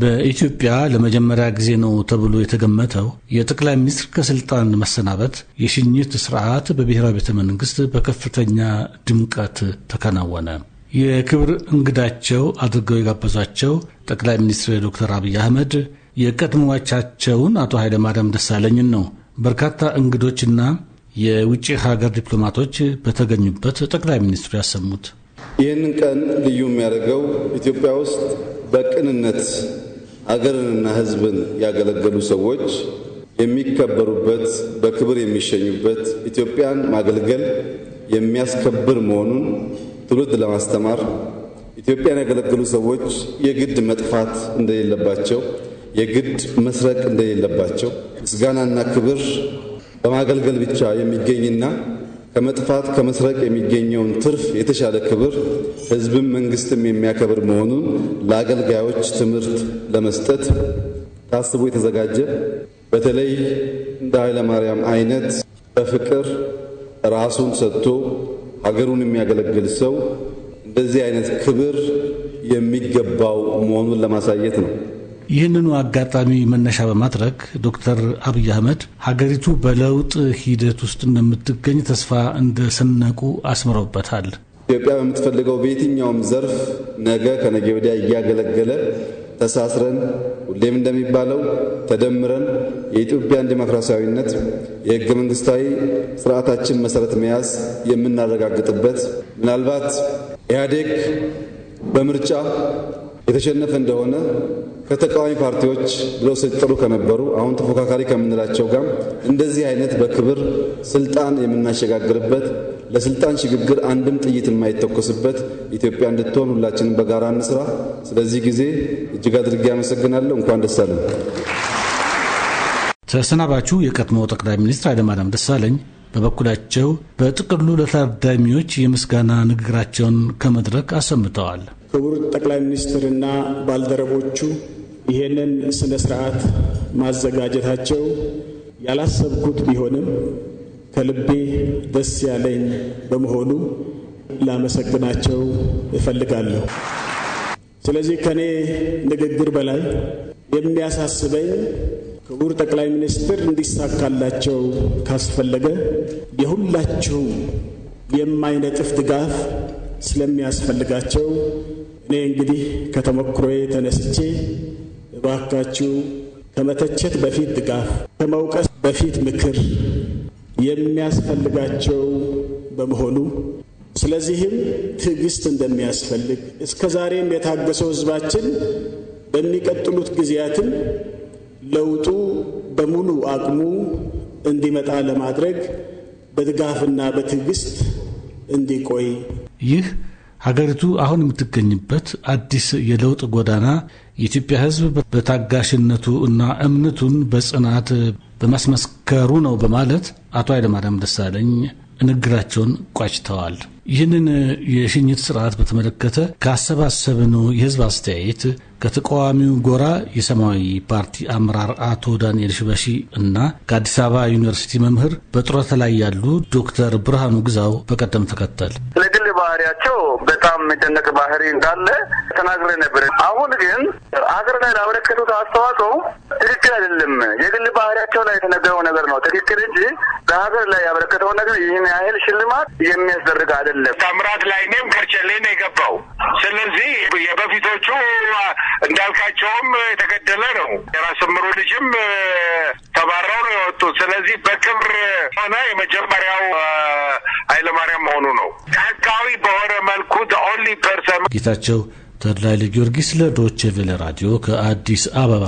በኢትዮጵያ ለመጀመሪያ ጊዜ ነው ተብሎ የተገመተው የጠቅላይ ሚኒስትር ከስልጣን መሰናበት የሽኝት ስርዓት በብሔራዊ ቤተ መንግስት በከፍተኛ ድምቀት ተከናወነ። የክብር እንግዳቸው አድርገው የጋበዟቸው ጠቅላይ ሚኒስትር ዶክተር አብይ አህመድ የቀድሞዎቻቸውን አቶ ኃይለማርያም ደሳለኝን ነው። በርካታ እንግዶችና የውጭ ሀገር ዲፕሎማቶች በተገኙበት ጠቅላይ ሚኒስትሩ ያሰሙት ይህንን ቀን ልዩ የሚያደርገው ኢትዮጵያ ውስጥ በቅንነት አገርንና ሕዝብን ያገለገሉ ሰዎች የሚከበሩበት፣ በክብር የሚሸኙበት፣ ኢትዮጵያን ማገልገል የሚያስከብር መሆኑን ትውልድ ለማስተማር ኢትዮጵያን ያገለገሉ ሰዎች የግድ መጥፋት እንደሌለባቸው፣ የግድ መስረቅ እንደሌለባቸው ምስጋናና ክብር በማገልገል ብቻ የሚገኝና ከመጥፋት ከመስረቅ የሚገኘውን ትርፍ የተሻለ ክብር ህዝብም መንግስትም የሚያከብር መሆኑን ለአገልጋዮች ትምህርት ለመስጠት ታስቦ የተዘጋጀ በተለይ እንደ ኃይለማርያም አይነት በፍቅር ራሱን ሰጥቶ ሀገሩን የሚያገለግል ሰው እንደዚህ አይነት ክብር የሚገባው መሆኑን ለማሳየት ነው። ይህንኑ አጋጣሚ መነሻ በማድረግ ዶክተር አብይ አህመድ ሀገሪቱ በለውጥ ሂደት ውስጥ እንደምትገኝ ተስፋ እንደሰነቁ አስምረውበታል። ኢትዮጵያ በምትፈልገው በየትኛውም ዘርፍ ነገ ከነገ ወዲያ እያገለገለ ተሳስረን ሁሌም እንደሚባለው ተደምረን የኢትዮጵያን ዲሞክራሲያዊነት የህገ መንግስታዊ ስርዓታችን መሰረት መያዝ የምናረጋግጥበት ምናልባት ኢህአዴግ በምርጫ የተሸነፈ እንደሆነ ከተቃዋሚ ፓርቲዎች ብለው ሲጠሩ ከነበሩ አሁን ተፎካካሪ ከምንላቸው ጋር እንደዚህ አይነት በክብር ስልጣን የምናሸጋግርበት ለስልጣን ሽግግር አንድም ጥይት የማይተኮስበት ኢትዮጵያ እንድትሆን ሁላችንም በጋራ እንስራ። ስለዚህ ጊዜ እጅግ አድርጌ አመሰግናለሁ። እንኳን ደስ አለን። ተሰናባቹ የቀድሞ ጠቅላይ ሚኒስትር ኃይለማርያም ደሳለኝ በበኩላቸው በጥቅሉ ለታዳሚዎች የምስጋና ንግግራቸውን ከመድረክ አሰምተዋል። ክቡር ጠቅላይ ሚኒስትርና ባልደረቦቹ ይሄንን ስነ ስርዓት ማዘጋጀታቸው ያላሰብኩት ቢሆንም ከልቤ ደስ ያለኝ በመሆኑ ላመሰግናቸው እፈልጋለሁ። ስለዚህ ከእኔ ንግግር በላይ የሚያሳስበኝ ክቡር ጠቅላይ ሚኒስትር እንዲሳካላቸው ካስፈለገ የሁላችሁም የማይነጥፍ ድጋፍ ስለሚያስፈልጋቸው እኔ እንግዲህ ከተሞክሮዬ ተነስቼ እባካችሁ ከመተቸት በፊት ድጋፍ፣ ከመውቀስ በፊት ምክር የሚያስፈልጋቸው በመሆኑ ስለዚህም ትዕግስት እንደሚያስፈልግ እስከ ዛሬም የታገሰው ሕዝባችን በሚቀጥሉት ጊዜያትም ለውጡ በሙሉ አቅሙ እንዲመጣ ለማድረግ በድጋፍና በትዕግስት እንዲቆይ ይህ ሀገሪቱ አሁን የምትገኝበት አዲስ የለውጥ ጎዳና የኢትዮጵያ ሕዝብ በታጋሽነቱ እና እምነቱን በጽናት በማስመስከሩ ነው በማለት አቶ ኃይለማርያም ደሳለኝ ንግግራቸውን ቋጭተዋል። ይህንን የሽኝት ስርዓት በተመለከተ ካሰባሰብነው የህዝብ አስተያየት ከተቃዋሚው ጎራ የሰማያዊ ፓርቲ አመራር አቶ ዳንኤል ሽበሺ እና ከአዲስ አበባ ዩኒቨርሲቲ መምህር በጡረታ ላይ ያሉ ዶክተር ብርሃኑ ግዛው በቀደም ተከተል ባህሪያቸው በጣም የሚደነቅ ባህሪ እንዳለ ተናግረ ነበር። አሁን ግን አገር ላይ ላበረከቱት አስተዋጽኦ ትክክል አይደለም። የግል ባህሪያቸው ላይ የተነገረው ነገር ነው ትክክል እንጂ በሀገር ላይ ያበረከተው ነገር ይህን ያህል ሽልማት የሚያስደርግ አይደለም። ታምራት ላይኔም ከርቸሌ ነው የገባው። ስለዚህ የበፊቶቹ እንዳልካቸውም የተገደለ ነው። የራስ ምሩ ልጅም ተባረው ነው የወጡት። ስለዚህ በክብር ሆነ የመጀመሪያው ኃይለማርያም መሆኑ ነው። ሰላማዊ በሆነ መልኩ ኦንሊ ፐርሰን ጌታቸው ተድላይ ለጊዮርጊስ ለዶቼ ቬለ ራዲዮ ከአዲስ አበባ